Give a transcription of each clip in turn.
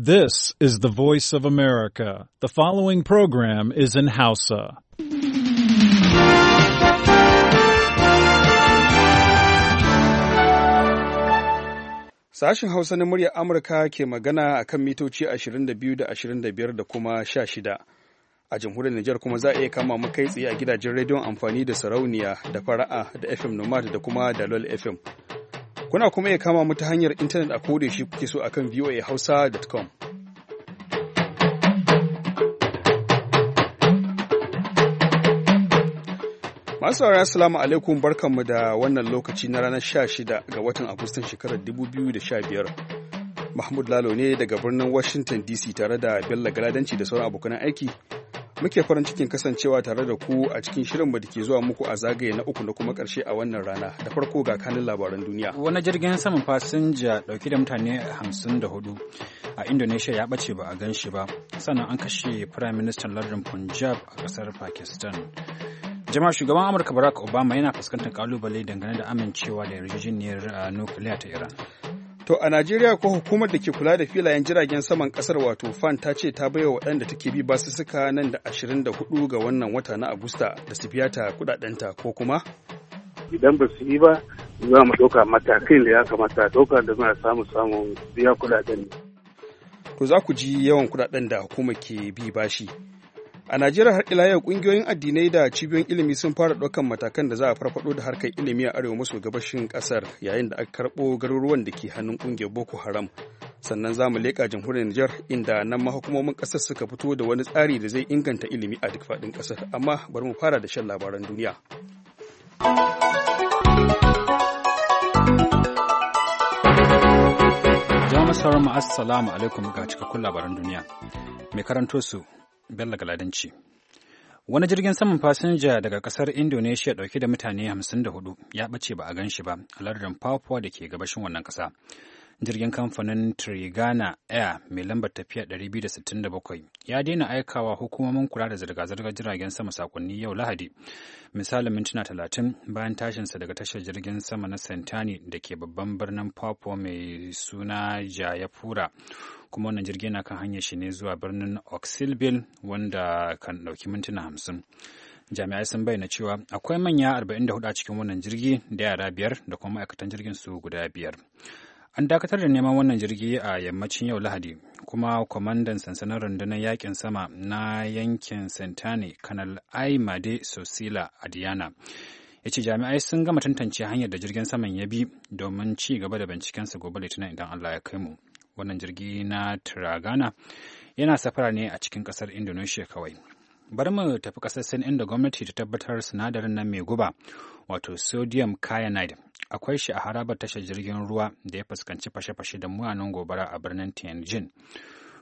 This is the voice of America. The following program is in Hausa. Sashen Hausa na muryar Amurka ke magana a kan mitoci 22 da 25 da kuma 16. A jamhuriyar Nijar kuma za a iya kama mu tsaye a gidajen rediyon amfani da sarauniya da fara'a da FM Nomad da kuma Dalol FM. Kuna kuma iya kama mu ta hanyar intanet a shi kuke so akan voahausa.com. Masu saurara assalamu alaikum barkanmu da wannan lokaci na ranar 16 ga watan Agustan shekarar 2015. Mahmud Lalo ne daga birnin Washington DC tare da Bello Galadanci da sauran abokan aiki muke farin cikin kasancewa tare da ku a cikin shirin da ke zuwa muku a zagaye na uku na kuma karshe a wannan rana da farko ga kanin labaran duniya wani jirgin saman fasinja dauke da mutane 54 a indonesia ya bace ba a gan shi ba sannan an kashe prime minister lardin punjab a kasar pakistan jama'a shugaban amurka barack obama yana fuskantar kalubale dangane da amincewa da yarjejeniyar ah, nukiliya ta iran To a Najeriya ko hukumar da ke kula da filayen jiragen saman kasar wato FAN ta ce ta baiwa waɗanda take bi basussuka nan da 24 ga wannan wata na Agusta da su biya ta ta ko kuma idan ba su yi ba za mu ɗauka matakin da ya kamata ɗauka da muna samu samun biya kudaden. To za ku ji yawan kuɗaɗen da hukumar ke bi bashi. A Najeriya har ila yau kungiyoyin addinai da cibiyoyin ilimi sun fara ɗaukan matakan da za a farfaɗo da harkar ilimi a arewa maso gabashin ƙasar yayin da aka karɓo garuruwan da ke hannun ƙungiyar Boko Haram. Sannan za mu leƙa jamhuriyar Nijar inda nan ma hukumomin ƙasar suka fito da wani tsari da zai inganta ilimi a duk faɗin ƙasar. Amma bari mu fara da shan labaran duniya. Jama'a sauran assalamu alaikum ga cikakkun labaran duniya. Mai karanto su Bello Galadanci. Wani jirgin saman fasinja daga kasar Indonesia dauke da mutane 54 ya ɓace ba a gan shi ba a lardin Papua da ke gabashin wannan kasa. jirgin kamfanin Trigana Air mai lambar tafiya 267 ya daina aikawa hukumomin kula da zirga-zirgar jiragen sama sakonni yau Lahadi. Misalin mintuna 30 bayan tashinsa daga tashar jirgin sama na Santani da ke babban birnin Papua mai suna Jayapura. Kuma wannan jirgin na kan hanyar shi ne zuwa birnin Oxilville wanda kan ɗauki mintuna 50. jami'ai sun bayyana cewa akwai manya 44 a cikin wannan jirgi da yara biyar da kuma ma'aikatan jirgin su guda biyar. An dakatar da neman wannan jirgi a yammacin yau Lahadi, kuma kwamandan sansanin rundunar yakin sama na yankin Sentani, Kanal Aimade Sosila a Diana. ya ce jami'ai sun gama tantance hanyar da jirgin saman ya bi domin ci gaba da bincikensa gobe litinin idan Allah ya kai mu. Wannan jirgi na Tiragana yana safara ne a cikin kasar Indonesia kawai. Bari mu tafi kasassan Sin inda gwamnati ta tabbatar sinadarin nan mai guba, wato sodium cyanide akwai shi a harabar tashar jirgin ruwa da ya fuskanci fashe-fashe da munanan gobara a birnin Tianjin.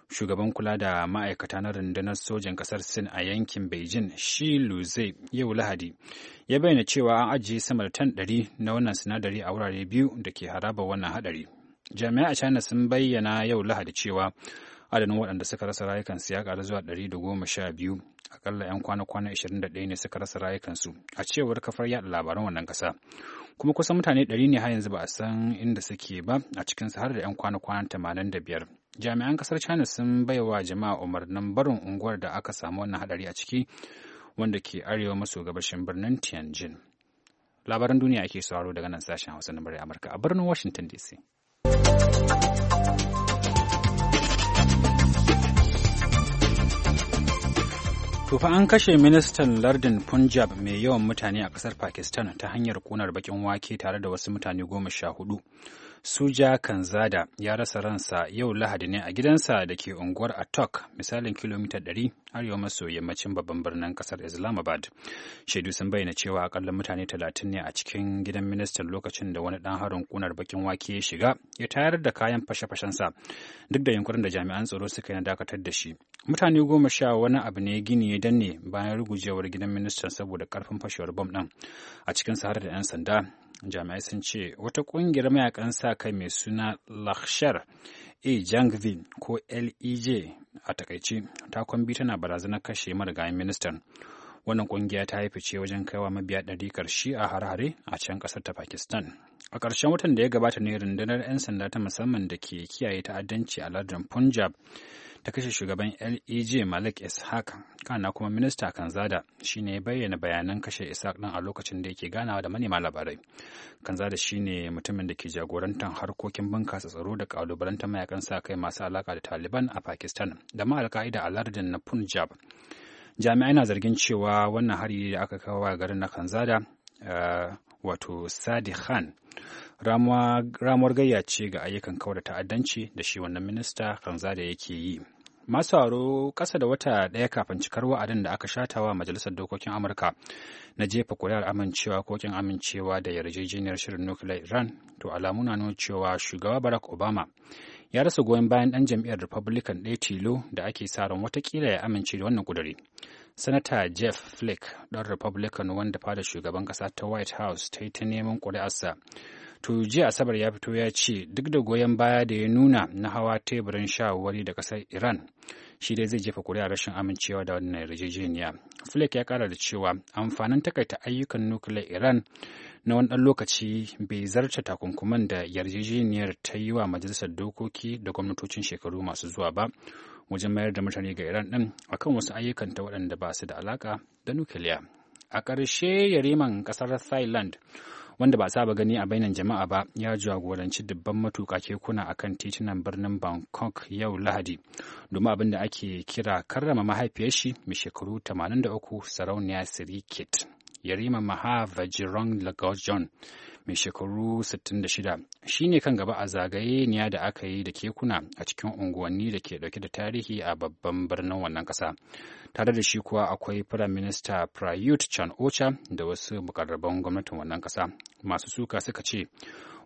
Shugaban kula da ma'aikata na rundunar sojan ƙasar Sin a yankin Beijing, Shi Luze, yau Lahadi, ya bayyana cewa an ajiye sama da tan ɗari na wannan sinadari a wurare biyu da ke harabar wannan haɗari. jami'a a China sun bayyana yau Lahadi cewa adadin waɗanda suka rasa rayukansu ya ƙaru zuwa ɗari da goma sha biyu akalla 'yan kwana-kwana ɗaya ne suka rasa rayukansu a cewar kafar yaɗa labaran wannan ƙasa kuma kusan mutane 100 ne har yanzu ba a san inda suke ba a cikin har da 'yan kwana-kwanan 85 jami'an kasar china sun bai wa jama'a umarnin barin unguwar da aka samu wannan hadari a ciki wanda ke arewa maso gabashin birnin tianjin labaran duniya ake sauraro daga nan sashen hausa na murya amurka a birnin washington dc Tufa an kashe ministan lardin Punjab mai yawan mutane a ƙasar Pakistan ta hanyar ƙunar baƙin wake tare da wasu mutane goma sha hudu. Suja Kanzada ya rasa ransa yau Lahadi ne a gidansa da ke unguwar Atok, misalin kilomita 100 arewa maso yammacin babban birnin kasar Islamabad. Shaidu sun bayyana cewa akalla mutane 30 ne a cikin gidan ministan lokacin da wani dan harin kunar bakin wake ya shiga ya tayar da kayan fashe-fashensa duk da yunkurin da jami'an tsaro suka yi dakatar da shi. Mutane goma sha wani abu ne gini ya danne bayan rugujewar gidan ministan saboda karfin fashewar bom ɗin a cikin sahara da 'yan sanda jami'ai sun ce wata ƙungiyar mayakan sa kai mai suna lakshar e jangvi ko lej a takaice ta kwambi tana barazanar kashe marigayen ministan wannan kungiya ta haifi ce wajen kaiwa mabiya ɗari karshe a har-hare a can ƙasar ta pakistan a ƙarshen watan da ya gabata ne rundunar 'yan sanda ta musamman da ke kiyaye ta'addanci a lardin punjab ta kashe shugaban LEJ Malik Ishaq kana kuma minista Kanzada shine ya bayyana bayanan kashe Ishaq din a lokacin da yake ganawa da manema labarai. Kanzada shine mutumin da ke jagorantar harkokin bunkasa tsaro da kalubalantar mayakan sa kai masu alaka da Taliban a Pakistan da ma alka'ida a lardin na Punjab. Jami'ai na zargin cewa wannan hari da aka kawo garin na Kanzada eh, wato Sadi Khan ramuwar gayya ce ga ayyukan kawar ta'addanci da shi wannan minista Kanzada yake yi. masu haro kasa da wata ɗaya kafin cikar wa'adin da aka shatawa majalisar dokokin amurka na jefa kuri'ar amincewa ko amincewa da yarjejeniyar shirin nuclear iran to alamu na nuna cewa shugaba barack obama ya rasa goyon bayan dan jam'iyyar republican ɗaya tilo da ake sa ran watakila ya amince da wannan kuduri sanata jeff flake ɗan republican wanda fada shugaban ƙasa ta white house ta yi ta neman ƙuri'arsa to jiya asabar ya fito ya ce duk da goyon baya da ya nuna na hawa teburin shawarwari da kasar iran shi dai zai jefa kuri'a rashin amincewa da wannan yarjejeniya flake ya kara da cewa amfanin takaita ayyukan nukiliyar iran na wani ɗan lokaci bai zarta takunkuman da yarjejeniyar ta yi wa majalisar dokoki da gwamnatocin shekaru masu zuwa ba wajen mayar da mutane ga iran din akan wasu ayyukan ta waɗanda ba su da alaka da nukiliya a ƙarshe yariman ƙasar thailand wanda ba saba gani a bainan jama'a ba ya jagoranci dubban matuƙa kekuna kan titunan birnin Bangkok yau Lahadi domin abin da ake kira karrama mahaifiyar shi mai shekaru 83 sarauniya Sirikit. Yarima Maha vajirong Lagos-John mai shekaru 66 shi ne kan gaba a zagaye niya da aka yi da kekuna a cikin unguwanni da ke dauke da tarihi a babban birnin wannan kasa. Tare da shi kuwa akwai Firayim Minista Prayut Chan Ocha da wasu mukarraban gwamnatin wannan kasa. Masu suka suka ce,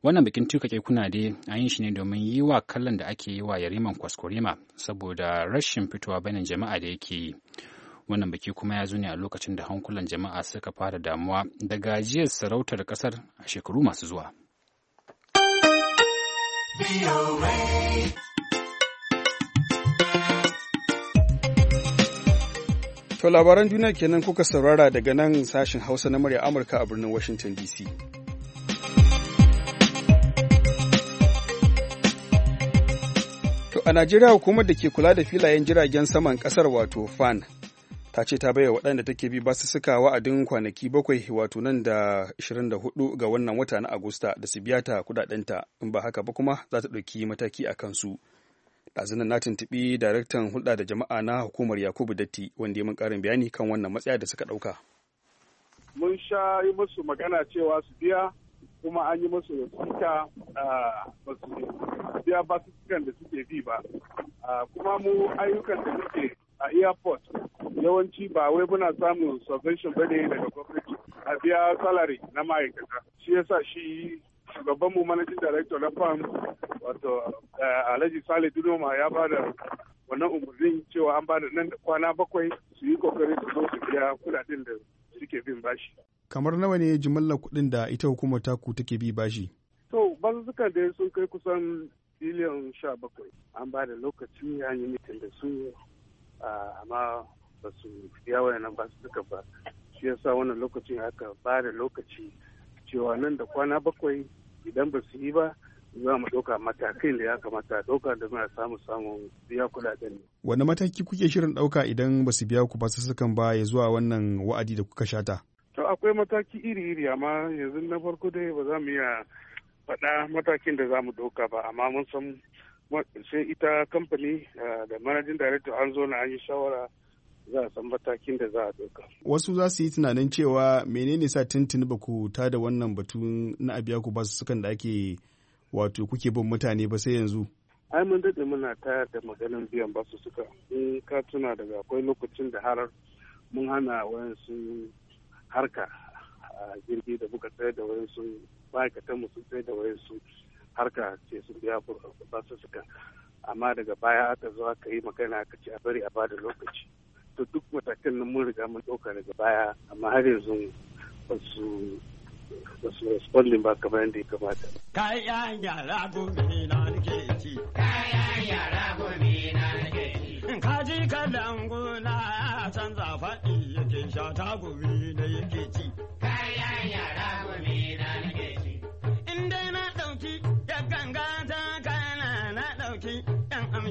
wannan bikin tuka kekuna dai an yi shi ne domin yi wa kallon da ake yi wa yariman kwaskwarima saboda rashin fitowa bainin jama'a da yake yi. wannan baki kuma ya zo ne a lokacin da hankulan jama'a suka fara damuwa da gajiyar sarautar kasar a shekaru masu zuwa To labaran duniya kenan kuka saurara daga nan sashen Hausa na murya Amurka a birnin Washington DC. To a Najeriya hukumar da ke kula da filayen jiragen saman kasar wato FAN ta ce ta bayyana waɗanda take bi su suka wa'adin kwanaki bakwai wato nan da 24 ga wannan wata na agusta da su biya ta kudadenta in ba haka ba kuma za ta ɗauki mataki a kansu ɗazunan na tuntuɓi daraktan hulɗa da jama'a na hukumar yakubu datti wanda ya mun ƙarin bayani kan wannan matsaya da suka ɗauka mun sha yi musu magana cewa su biya kuma an yi musu wasiƙa ba su biya ba su da suke bi ba kuma mu ayyukan da muke a airport yawanci ba wai muna samun subvention bane daga gwamnati a biya salary na ma'aikata shi yasa shi shugaban mu manajin director na farm wato eh, alhaji sale dunoma ya ba da wannan umarnin cewa an ba da nan kwana bakwai su yi kokarin su zo su biya kudaden da suke bin bashi kamar nawa ne jimillar kuɗin da ita hukumar taku take bi bashi to bazuzukan da sun kai kusan biliyan sha bakwai an ba da lokaci ya yi mitin da su amma ba su biya nan ba su duka ba shi yasa wannan lokacin aka ba da lokaci cewa nan da kwana bakwai idan ba su yi ba za mu ɗauka matakai da ya kamata ɗauka da muna samu samun biya kuɗaɗen. Wani mataki kuke shirin ɗauka idan ba su biya ku ba su sukan ba ya zuwa wannan wa'adi da kuka shata? To akwai mataki iri-iri amma yanzu na farko dai ba za mu iya faɗa matakin da za mu ɗauka ba amma mun san sai ita kamfani uh, da manajin director an zo na an yi shawara za a san matakin da za a ɗauka. Wasu za su yi tunanin cewa menene sa Tintin ba ku da wannan batun na abiya ba su sukan da ake wato kuke bin mutane ba sai yanzu. Ai mun daɗe muna tayar da maganin biyan ba su suka in ka tuna daga akwai lokacin da har mun hana wayansu harka a jirgi da muka tsaye da wayansu ba'aikatan mu sun tsaye da wayansu harka ce sun biya su sukan amma daga baya aka zo aka yi magana aka ce a bari a bada lokaci to duk matakan nan mun riga mun ɗauka daga baya amma har yanzu ba su ba su responding ba kamar yadda ya kamata. Kayan yara gobe na nake ci. Kayan yara gobe na nake ci. Kaji kalangu na canza faɗi yake sha ta gobe na yake ci.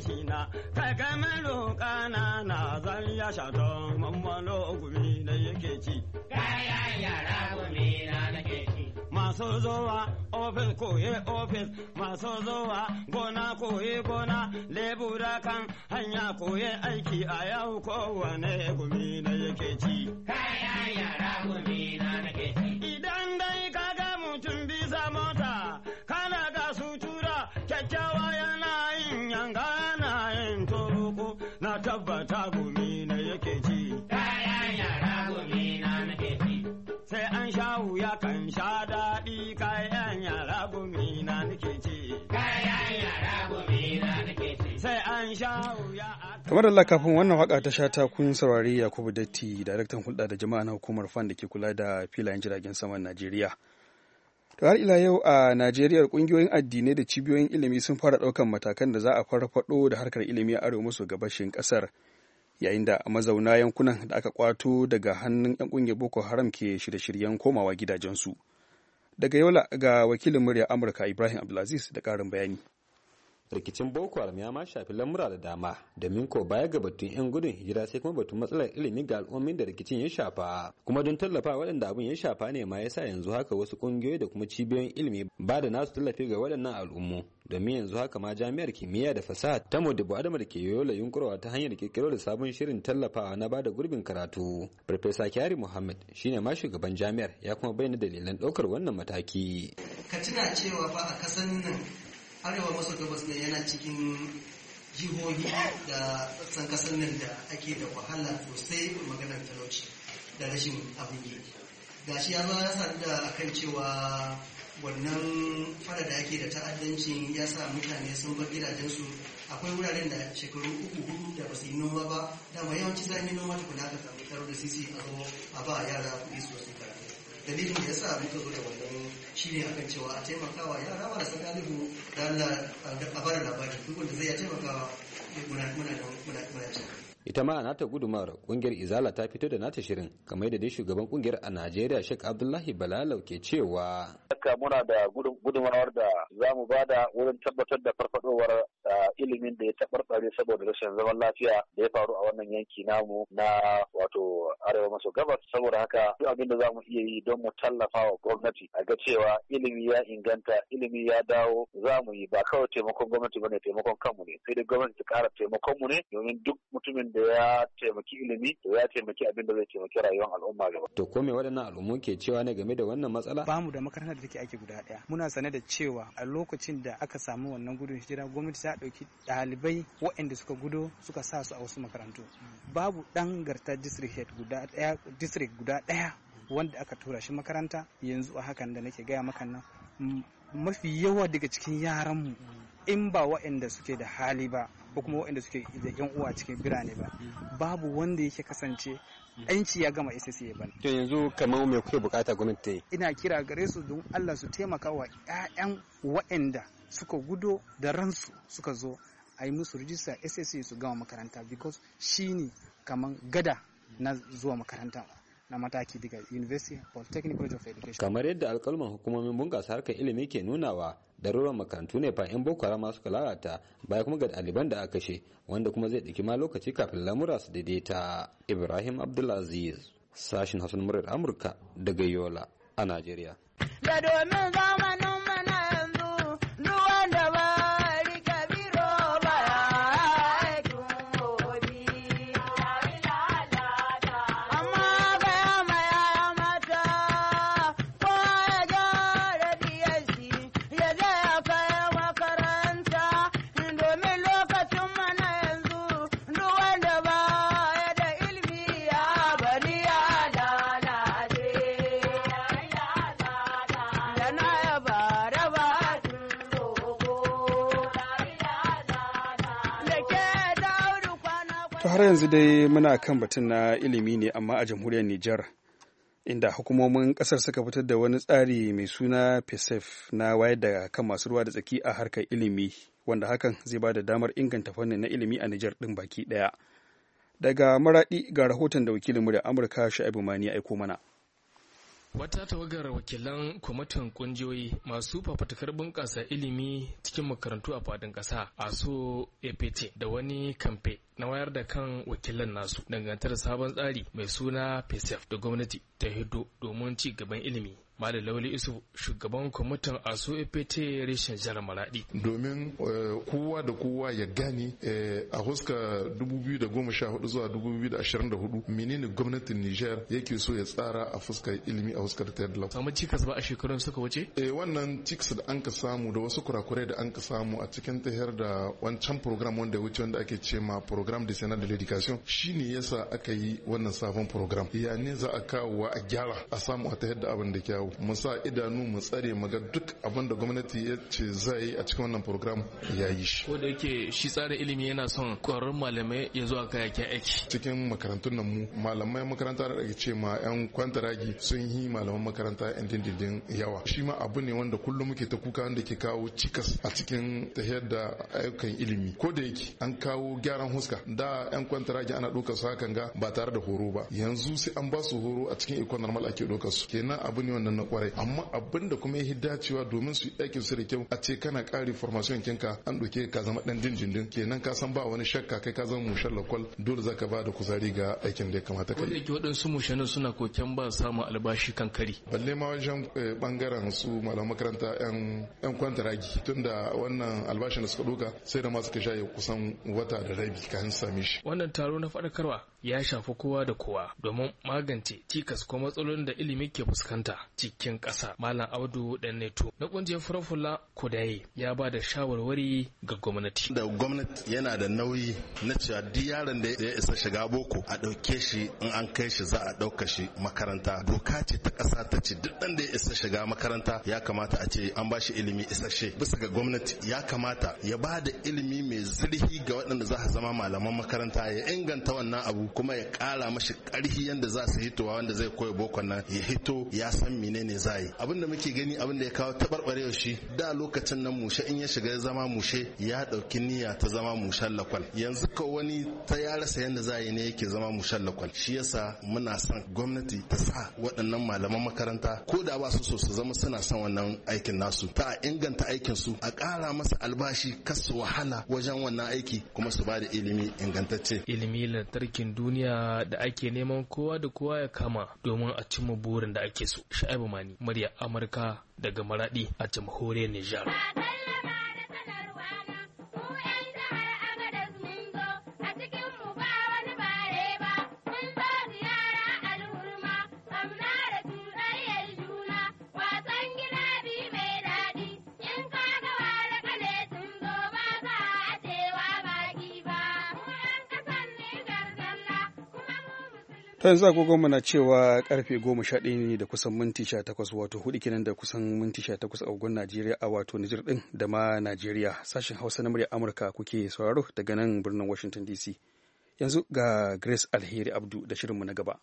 shi na kai kai maro kana na zan ya sha don mammalo gumi da yake ci kayan yara gumi na nake ci masu zowa ofis koye ofis masu zowa gona koye gona lebura kan hanya koye aiki a yau kowane gumi da yake ci kayan yara gumi Allah kafin wannan waka ta sha ta kun saurari yakubu datti daraktan hulɗa da jama'a na hukumar fan da ke kula da filayen jiragen saman najeriya to har ila yau a najeriya kungiyoyin addinai da cibiyoyin ilimi sun fara ɗaukan matakan da za a farfaɗo da harkar ilimi a arewa maso gabashin ƙasar yayin da mazauna yankunan da aka kwato daga hannun 'yan ƙungiyar boko haram ke shirye-shiryen komawa gidajensu daga yola ga wakilin murya amurka ibrahim abdulaziz da karin bayani rikicin boko haram ya ma shafi lamura da dama domin ko baya ga batun yan gudun hijira sai kuma batun matsalar ilimi ga al'ummin da rikicin ya shafa kuma don tallafa waɗanda abin ya shafa ne ma yasa yanzu haka wasu ƙungiyoyi da kuma cibiyoyin ilimi ba da nasu tallafi ga waɗannan al'ummu domin yanzu haka ma jami'ar kimiyya da fasaha ta modibo adama da ke yoyola yunkurawa ta hanyar kirkiro da sabon shirin tallafawa na bada gurbin karatu farfesa kyari muhammad shine ma shugaban jami'ar ya kuma bayyana dalilan ɗaukar wannan mataki ka tuna cewa ba a kasan nan arewa maso gabas ne yana cikin jihohi da san kasar nan da ake da wahala sosai maganar talauci da rashin abin yi gashi ya zo ya da kan cewa wannan fara da ake da ta'addancin ya sa mutane sun bar gidajensu akwai wuraren da shekaru uku hudu da basu yi noma ba dama yawanci za yi noma kula ka samu karo da sisi a zo a ba yara kuɗi sosai dalilin da ya sa abin ka zo da wannan ne akan cewa a taimakawa yara marasa galibu da Allah a bar labari duk wanda zai ya taimakawa muna muna muna muna ita ma a nata gudumar kungiyar izala ta fito da nata shirin kamar yadda dai shugaban kungiyar a najeriya shek abdullahi balalau ke cewa haka muna da gudumar da za mu bada wurin tabbatar da farfadowar ilimin da ya tabarbare saboda rashin zaman lafiya da ya faru a wannan yanki namu na wato arewa maso gabas saboda haka duk abin da za mu iya yi don mu tallafa wa gwamnati a ga cewa ilimi ya inganta ilimi ya dawo za mu yi ba kawai taimakon gwamnati ba bane taimakon kanmu ne sai da gwamnati ta kara taimakon mu ne domin duk mutumin da da ya taimaki ilimi da ya taimaki abin da zai taimaki rayuwar al'umma gaba. To ko me waɗannan al'ummu ke cewa ne game da wannan matsala? Ba mu da makarantar da take aiki guda ɗaya. Muna sane da cewa a lokacin da aka samu wannan gudun hijira gwamnati ta ɗauki ɗalibai waɗanda suka gudo suka sa su a wasu makarantu. Babu ɗan garta district head guda ɗaya district guda ɗaya wanda aka tura shi makaranta yanzu a hakan da nake gaya maka nan mafi yawa daga cikin yaran mu. in ba waɗanda suke da hali ba ko kuma waɗanda suke da yan uwa cikin birane ba babu wanda yake kasance yanci ya gama isa ya To yanzu kamar me kuke bukata gwamnati Ina kira gare su don Allah su taimaka wa 'ya'yan waɗanda suka gudo da ransu suka zo a yi musu rijista SSC su gama makaranta because shi ne kamar gada na zuwa makaranta na mataki daga University Polytechnic College of Education. Kamar yadda alkalman hukumomin bunƙasa harkar ilimi ke nunawa, daruran makarantu ne fa in boko haram suka lalata baya kuma ga ɗaliban da aka kashe wanda kuma zai ɗauki ma lokaci kafin lamura su daidaita. Ibrahim Abdulaziz, sashin Hassan Murar Amurka daga Yola a Najeriya. Da domin zama har yanzu dai muna kan batun na ilimi ne amma a jamhuriyar Nijar inda hukumomin kasar suka fitar da wani tsari mai suna PSEF na wayar da kan masu ruwa da tsaki a harkar ilimi wanda hakan zai ba da damar inganta fannin na ilimi a Nijar din baki daya. Daga maraɗi ga rahoton da wakilin murya Amurka Sha'ibu Mani ya aiko mana. Wata tawagar wakilan kwamitin kungiyoyi masu fafatakar bunƙasa ilimi cikin makarantu a fadin ƙasa a so EPT da wani kamfe na wayar da kan wakilan nasu dangantar sabon tsari mai suna PSF da gwamnati ta hiddo domin ci gaban ilimi Malam Lauli Isu shugaban kwamitin ASU APT reshen jihar Maradi. Domin eh, kowa da kowa ya gani. Eh, a huska 2014 zuwa 2024 menene gwamnatin Niger yake so ya tsara a fuskar ilimi a huskar ta yadda. Samu cikas ba a shekarun suka wuce? Eh wannan cikas da an ka samu da wasu kurakurai da an ka samu a cikin tahiyar da wancan program wanda ya wuce wanda ake ce ma program de senat de l'education shine yasa aka yi wannan sabon program. Ya ne za a kawo a gyara a samu a tahiyar da abin da kyawu. mu sa idanu mu tsare mu ga duk abin da gwamnati ya ce zai yi a cikin wannan program ya yi shi ko da yake shi tsarin ilimi yana son kwararrun malamai ya zuwa kayayyakin aiki cikin makarantun nan mu malamai makaranta da ake ce ma yan kwantaragi sun yi malaman makaranta yan dindindin yawa shi ma abu ne wanda kullum muke ta kuka wanda ke kawo cikas a cikin tahiyar da ayyukan ilimi ko da yake an kawo gyaran huska da yan kwantaragi ana ɗaukar su hakan ga ba tare da horo ba yanzu sai an ba su horo a cikin ikon normal ake ɗaukar su kenan abu ne wanda na kwarai amma abin da kuma ya dacewa domin su yi aikin su da kyau a ce kana kari formation kinka an ɗauke ka zama ɗan dindindin kenan ka san ba wani shakka kai ka zama mushan lakwal dole zaka ba da kuzari ga aikin da ya kamata kai. Wanda ke waɗansu mushanin suna koken ba samun albashi kan kari. Balle ma wajen bangaren eh, su malam makaranta 'yan kwantaragi tunda wannan albashin da suka doka sai da ma suka shaye kusan wata da rabi kan same shi. Wannan taro na faɗakarwa ya shafi kowa da kowa domin magance cikas ko matsalolin da ilimi ke fuskanta cikin ƙasa. Malam Audu Danneto na ƙungiyar Furafula Kudaye ya ba da shawarwari ga gwamnati. Da gwamnati yana da nauyi na cewa duk yaron da ya isa shiga boko a ɗauke shi in an kai shi za a ɗauka shi makaranta. Doka ce ta ƙasa ta ce duk ɗan da ya isa shiga makaranta ya kamata a ce an bashi ilimi isasshe. Bisa ga gwamnati ya kamata ya ba da ilimi mai zurfi ga waɗanda za a zama malaman makaranta ya inganta wannan abu kuma ya kara mashi karfi yanda za su hitowa wanda zai koya boko nan ya hito ya san menene za yi abinda muke gani abin da ya kawo tabarbarewa shi da lokacin nan mushe in ya shiga zama mushe ya dauki niyya ta zama mushen lakwal yanzu ka wani ta ya rasa yanda za yi ne yake zama mushen lakwal shi yasa muna son gwamnati ta sa waɗannan malaman makaranta ko da ba su so su zama suna son wannan aikin nasu ta inganta aikin su a kara masa albashi kasu wahala wajen wannan aiki kuma su ba da ilimi ingantacce ilimi lantarkin duniya da ake neman kowa da kowa ya kama domin a cimma burin da ake so. Sha'ibu Mani, murya Amurka daga Maradi a jamhuriyar Nijar. ta yanzu agogonmu na cewa karfe goma sha ɗaya ne da kusan minti sha takwas wato hudu kenan da kusan minti sha takwas agogon najeriya a wato nijar ɗin da ma najeriya sashen hausa na murya amurka kuke sauraro daga nan birnin washington dc yanzu ga grace alheri abdu da shirinmu na gaba.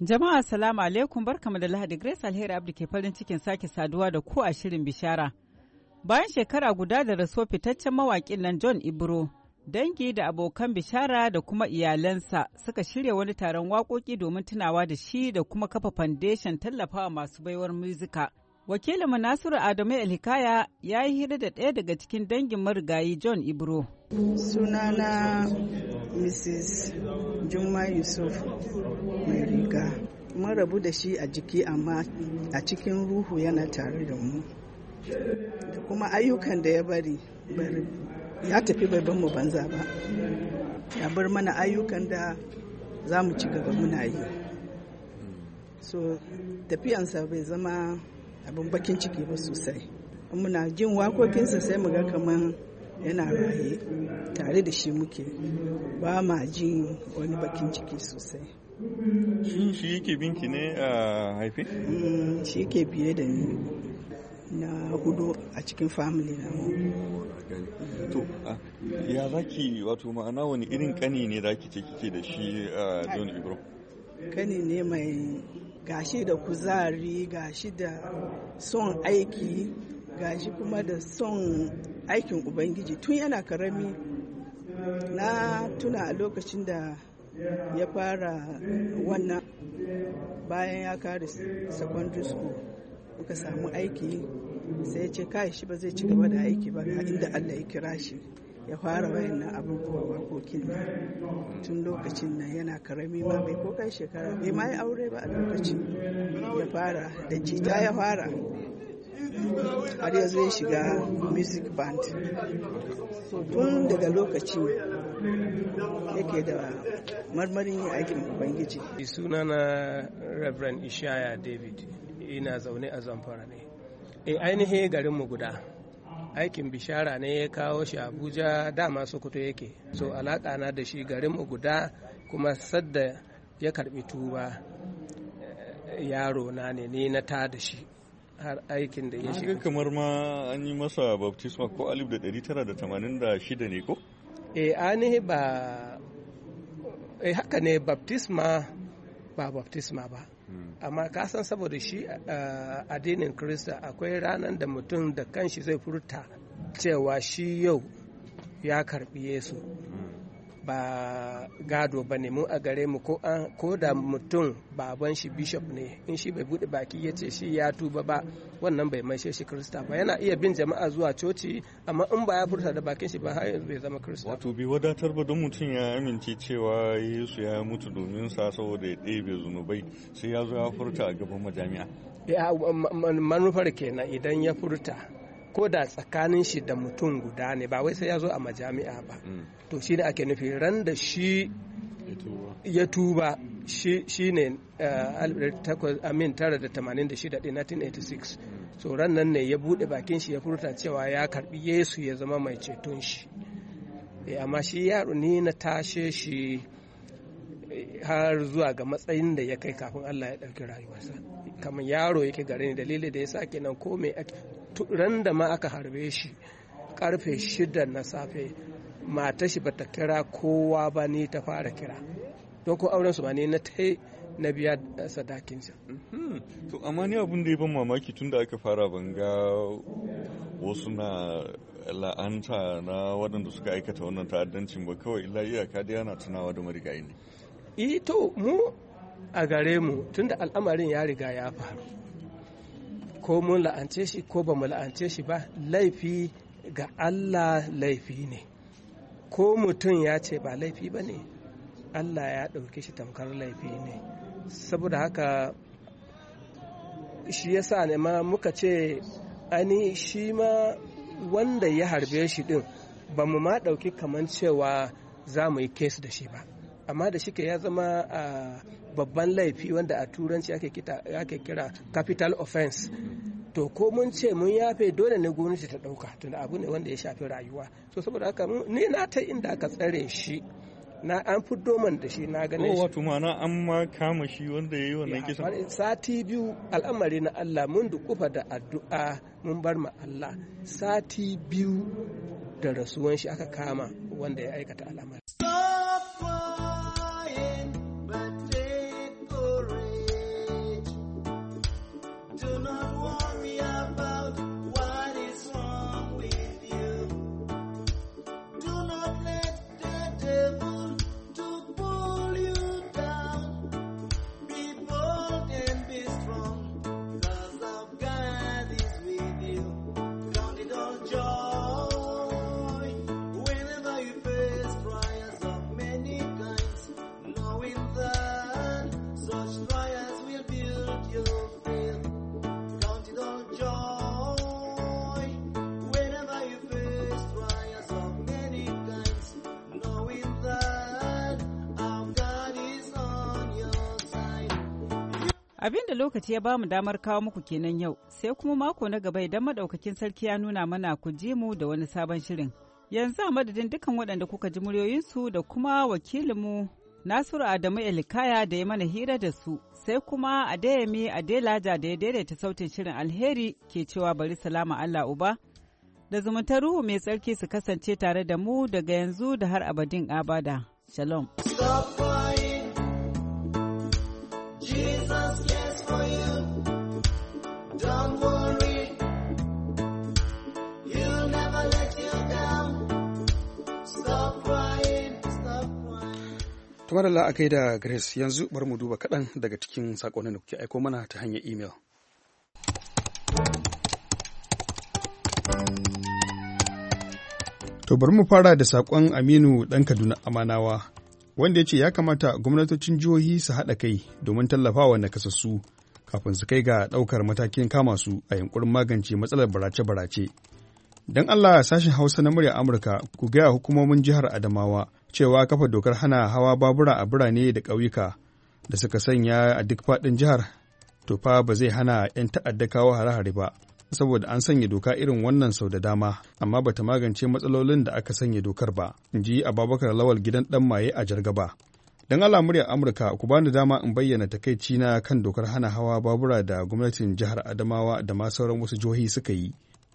Jama'a salamu alaikum barkamu da Lahadi Grace Alheri Abdi ke farin cikin sake saduwa da ku a shirin bishara. Bayan shekara guda da rasuwar fitaccen mawaƙin nan John Ibro, dangi da abokan bishara da kuma iyalansa suka shirya wani taron waƙoƙi domin tunawa da shi da kuma kafa foundation tallafawa masu baiwar muzika. Wakilinmu Nasiru Adamu Elhikaya ya yi hira da ɗaya daga cikin dangin marigayi John Ibro. Sunana Mrs. Juma Yusuf mai riga. Mun rabu da shi a jiki amma a cikin ruhu yana tare da mu. Da kuma ayyukan da ya bari ya tafi babban mu banza ba. Ya bar mana ayyukan da za mu ci gaba muna yi. So tafiyansa bai zama abin bakin ciki ba sosai. Muna jin wakokinsa sai mu ga kamar yana raye tare da shi muke ba ma jin wani bakin ciki sosai shi yake binki ne a haife? Mm, shi yake biye da ni na hudu a cikin family na mu oh, to ya zaki wato ma'ana wani irin kani ne da ke kike da shi a john ibro kani ne mai gashi da kuzari gashi da son aiki gashi kuma da son aikin ubangiji tun yana karami na tuna a lokacin da ya fara wannan bayan ya kare secondary school muka samu aiki sai ya ce kai shi ba zai ci gaba da aiki ba inda Allah ya kira shi ya fara wayannan abubuwa wakokin nan tun lokacin nan yana karami ma bai ko kai shekara bai ma ya aure ba a lokacin ya fara da jita ya fara har yanzu ya shiga music band so tun daga lokacin yake da marmarin yin aikin ubangiji na reverend ishaya david ina zaune a zamfara ne e ainihin garinmu guda aikin bishara ne ya kawo shi abuja dama sokoto yake so alaka na da shi garinmu guda kuma sadda ya karbi tuba eh, yaro na ne ni na ta da shi har aikin da ya shiga kamar ma an yi masa baptisma ko alif da ɗari tara da tamanin da shida ne ko eh ba eh haka ne baptisma ba baptisma ba hmm. amma ka san saboda shi a eh, addinin kirista akwai ranar da mutum da kanshi zai furta cewa shi yau ya karbi yesu hmm. ba gado ba ne mu a gare mu ko an ko da mutum baban shi bishop ne in shi bai bude baki ya ce shi ya tuba ba wannan bai maishe shi krista ba yana iya bin jama'a zuwa coci amma in ba ya furta da bakin shi ba har yanzu bai zama krista wato bi wadatar ba don mutum ya amince cewa yesu ya mutu domin sa saboda ya ɗebe zunubai sai ya zo ya furta a gaban majami'a Ya manufar kenan idan ya furta ko da tsakanin shi da mutum guda ne ba wai sai ya zo a majami'a ba mm. to shi ne ake nufi ran da shi ya tuba shi ne 1986 eh, mm. so ran nan ne ya bude bakin shi ya furta cewa ya karbi yesu ya zama mai ceton shi eh, amma shi yaro ne na tashe shi eh, har zuwa ga matsayin da ya kai kafin allah ya ɗauki rayuwarsa kamar yaro yake gare ni dalilin da ya sa kenan ko mai ran da ma aka harbe shi karfe shida na safe mata shi bata kira kowa ba ni ta fara kira to ko auren su ba ne na tai na biya sadakin sa hmm. to amma ni abin da ya ban mamaki tun da aka fara banga wasu na la'anta na waɗanda suka aikata wannan ta'addancin ba kawai illa iyaka da yana tunawa da marigayi ne eh to mu a gare mu tunda al'amarin ya riga ya faru ko mun la'ance shi ko ba mu la'ance shi ba laifi ga Allah laifi ne ko mutum ya ce ba laifi ba ne Allah ya ɗauki shi tamkar laifi ne saboda haka shi ya sa ne ma muka ce ani shi ma wanda ya harbe shi ɗin ba mu ma ɗauki kamar cewa za mu yi kes da shi ba amma da shi shike ya zama a ah, babban laifi wanda a turanci ake kira capital offense to ko mun ce mun yafe dole ne gwamnati ta ɗauka tunda abu ne wanda ya shafi rayuwa so saboda haka ni na ta inda aka tsare shi na an fito man da shi na ganin shi. wato ma'ana an ma kama shi wanda ya yi wannan kisan. Sati biyu al'amari na Allah mun dukufa da addu'a mun bar ma Allah sati biyu da rasuwan shi aka kama wanda ya aikata al'amari. lokaci ya bamu damar kawo muku kenan yau, sai kuma mako na gaba idan madaukakin sarki ya nuna mana ku ji mu da wani sabon shirin. Yanzu a madadin dukkan waɗanda kuka ji muryoyinsu da kuma wakilinmu Nasiru Adamu Elikaya da ya mana hira da su, sai kuma Adeyemi Adelaja da ya daidaita sautin shirin alheri ke cewa bari salama Allah Uba. Da zumuntar ruhu mai tsarki su kasance tare da mu daga yanzu da har abadin abada. Shalom. tumar da la'akai da grace yanzu bar mu duba kaɗan daga cikin saƙonin da kuke aiko mana ta hanyar imel to bari mu fara da saƙon aminu ɗan kaduna amanawa wanda ya ce ya kamata gwamnatocin jihohi su haɗa kai domin tallafawa nakasassu kafin su kai ga ɗaukar matakin kama su a yankurin magance matsalar barace-barace. Don Allah sashen Hausa na murya Amurka ku gaya hukumomin jihar Adamawa cewa kafa dokar hana hawa babura a birane da ƙauyuka da suka sanya a duk faɗin jihar to fa ba zai hana 'yan ta'adda kawo hare-hare ba saboda an sanya doka irin wannan sau da dama amma bata magance matsalolin da aka sanya dokar ba in ji ababakar lawal gidan dan maye a jargaba don Allah muryar Amurka ku bani dama in bayyana takaici na kan dokar hana hawa babura da gwamnatin jihar Adamawa da ma sauran wasu jihohi suka yi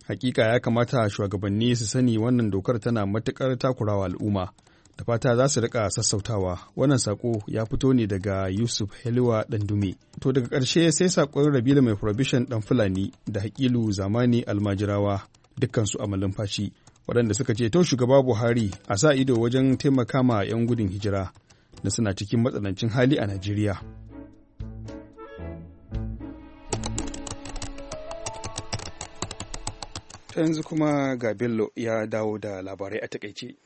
hakika ya kamata shugabanni su sani wannan dokar tana matukar takurawa al'umma da fata za su rika sassautawa wannan sako ya fito ne daga yusuf helwa dandume to daga ƙarshe sai sakon rabila mai prohibition dan fulani da hakilu zamani almajirawa dukkansu a malumfashi waɗanda suka ce to shugaba buhari a sa ido wajen taimaka ma 'yan gudun hijira da suna cikin matsanancin hali a najeriya yanzu kuma ga bello ya dawo da labarai a takaice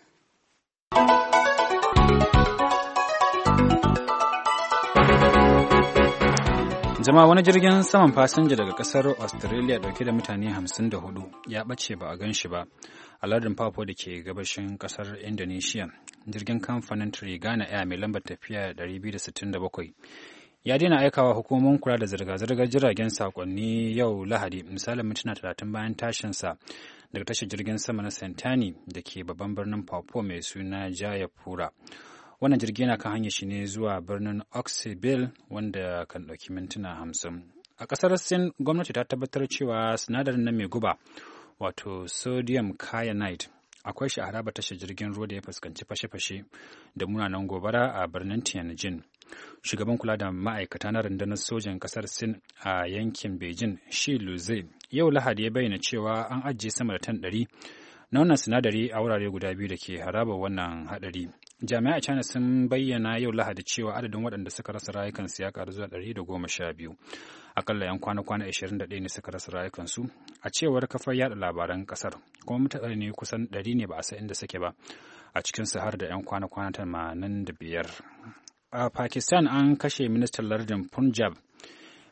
jama'a wani jirgin saman fasinja daga kasar australia dauke da mutane 54 ya bace ba a gan shi ba a lardin papua da ke gabashin kasar indonesia jirgin kamfanin trigana air mai lambar tafiya 267 ya daina aikawa hukumomin kula da zirga-zirgar jiragen sakonni yau lahadi misalin mintuna 30 bayan tashinsa daga tashar jirgin sama na santani da ke babban birnin Papua mai suna Jayapura. Wannan jirgi yana kan hanyar shi ne zuwa birnin Oxybil wanda kan ɗauki mintuna hamsin. A ƙasar Sin, gwamnati ta tabbatar cewa sinadarin na mai guba, wato sodium cyanide, akwai shi a haraba tashar jirgin ruwa da ya fuskanci fashe-fashe da munanan gobara a birnin Tianjin. shugaban kula da ma'aikata na rundunar sojan kasar sin a yankin beijing shi luze yau lahadi ya bayyana cewa an ajiye sama da tan ɗari na wannan sinadari a wurare guda biyu da ke haraba wannan hadari jami'a a china sun bayyana yau lahadi cewa adadin waɗanda suka rasa rayukansu ya karu zuwa ɗari da goma sha biyu akalla yan kwana-kwana ashirin da ɗaya ne suka rasa rayukansu a cewar kafar yada labaran kasar kuma mutane ne kusan ɗari ne ba a sa inda suke ba a cikin har da yan kwana-kwana tamanin da biyar a pakistan an kashe ministan lardin punjab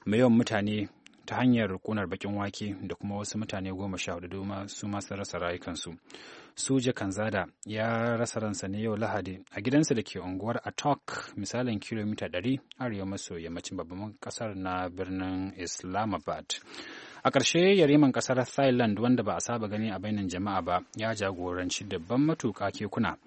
mai yawan mutane ta hanyar kunar bakin wake da kuma wasu mutane goma sha hudu su masu rasa rayukansu suja kanzada ya rasa ransa ne yau lahadi a gidansa da ke unguwar atok misalin kilomita 100 arewa maso yammacin babban kasar na birnin islamabad a ƙarshe yariman ƙasar thailand wanda ba a saba gani a bainin jama'a ba ya jagoranci dabban matuƙa kekuna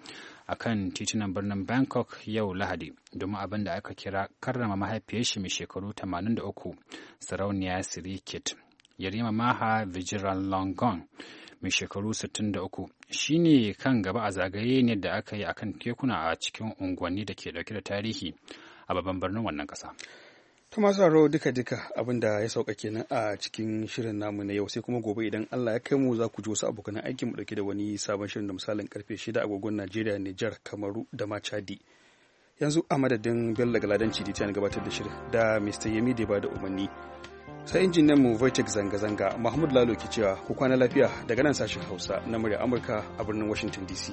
a kan titunan birnin Bangkok yau Lahadi domin abin da aka kira karrama mahaifiyar shi mai shekaru 83 sarauniya Sirikit. Yarima Maha Vijiran Longon mai shekaru 63 shi ne kan gaba a zagaye ne da aka yi a kan tekuna a cikin unguwanni da ke dauke da tarihi a babban birnin wannan ƙasa. ta masu raro duka-duka abinda ya sauka kenan a cikin shirin namu na yau sai kuma gobe idan Allah ya kai mu za ku ji wasu abokan aikin mu dauke da wani sabon shirin da misalin karfe 6 agogon Najeriya, Nijar, Kamaru da ma Chadi. Yanzu a madadin Bello Galadanci da ta gabatar da shirin da Mr. Yemi da da umarni. Sai injiniyan mu Vortex zanga-zanga Mahmud Lalo ke cewa ku kwana lafiya daga nan sashin Hausa na murya Amurka a birnin Washington DC.